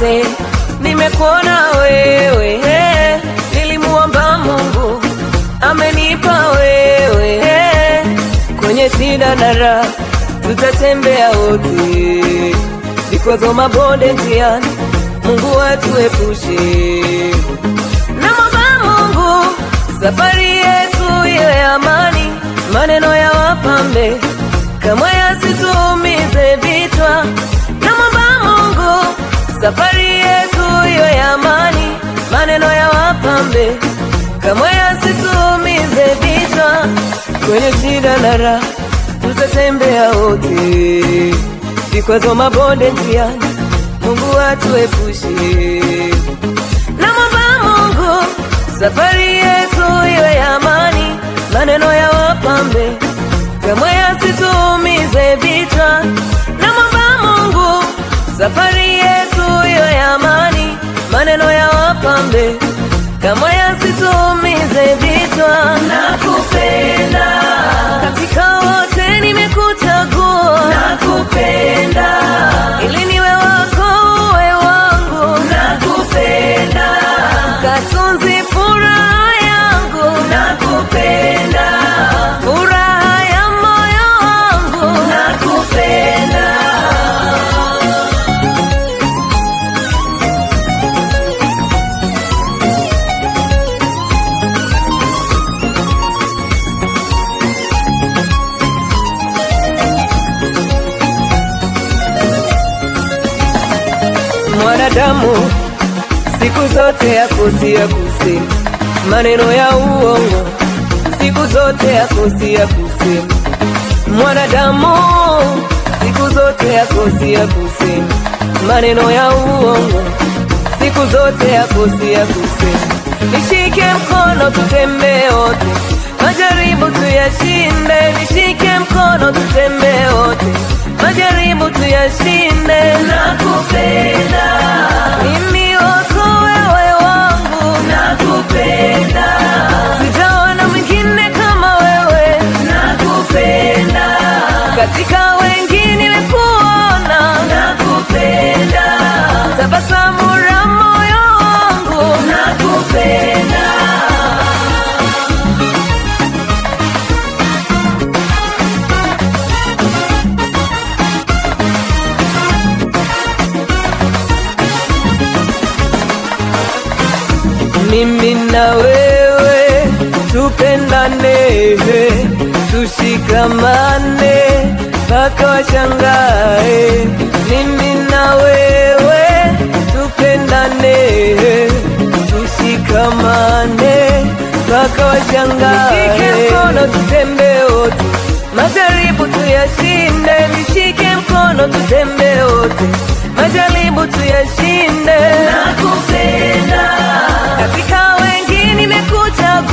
nipendeze, nimekuona wewe, eh, nilimuomba Mungu amenipa wewe, eh, kwenye shida na raha tutatembea wote, vikwazo, mabonde njiani, Mungu atuepushe. Namwomba Mungu safari yetu iwe amani, maneno ya wapambe kamwe yasituumize. kwenye shida na raha tutatembea wote, vikwazo, mabonde njiani, Mungu atuepushe. Namwomba Mungu safari yetu iwe ya amani, maneno ya wapambe kamwe yasituumize vichwa. Namwomba Mungu safari yetu iwe ya amani, maneno ya wapambe kamwe yasituumize vichwa. mwanadamu siku zote yakosi yakuse maneno ya uongo siku zote yakosi yakuse mwanadamu siku zote yakosi yakuse maneno ya uongo siku zote yakosi yakuse nishike mkono tutembe wote majaribu tuyashinde nishike mkono tutembe wote majaribu tuyashinde katika wengine kuona nakupenda, tabasamu la moyo wangu nakupenda. Mimi na wewe tupendane tushikamane mpaka washangae, mimi na wewe tupendane, tushikamane mpaka washangae, shike mkono tutembe wote, majaribu tuyashinde, nishike mkono tutembe wote, majaribu tuyashinde, nakupenda katika wengi nimekuchagua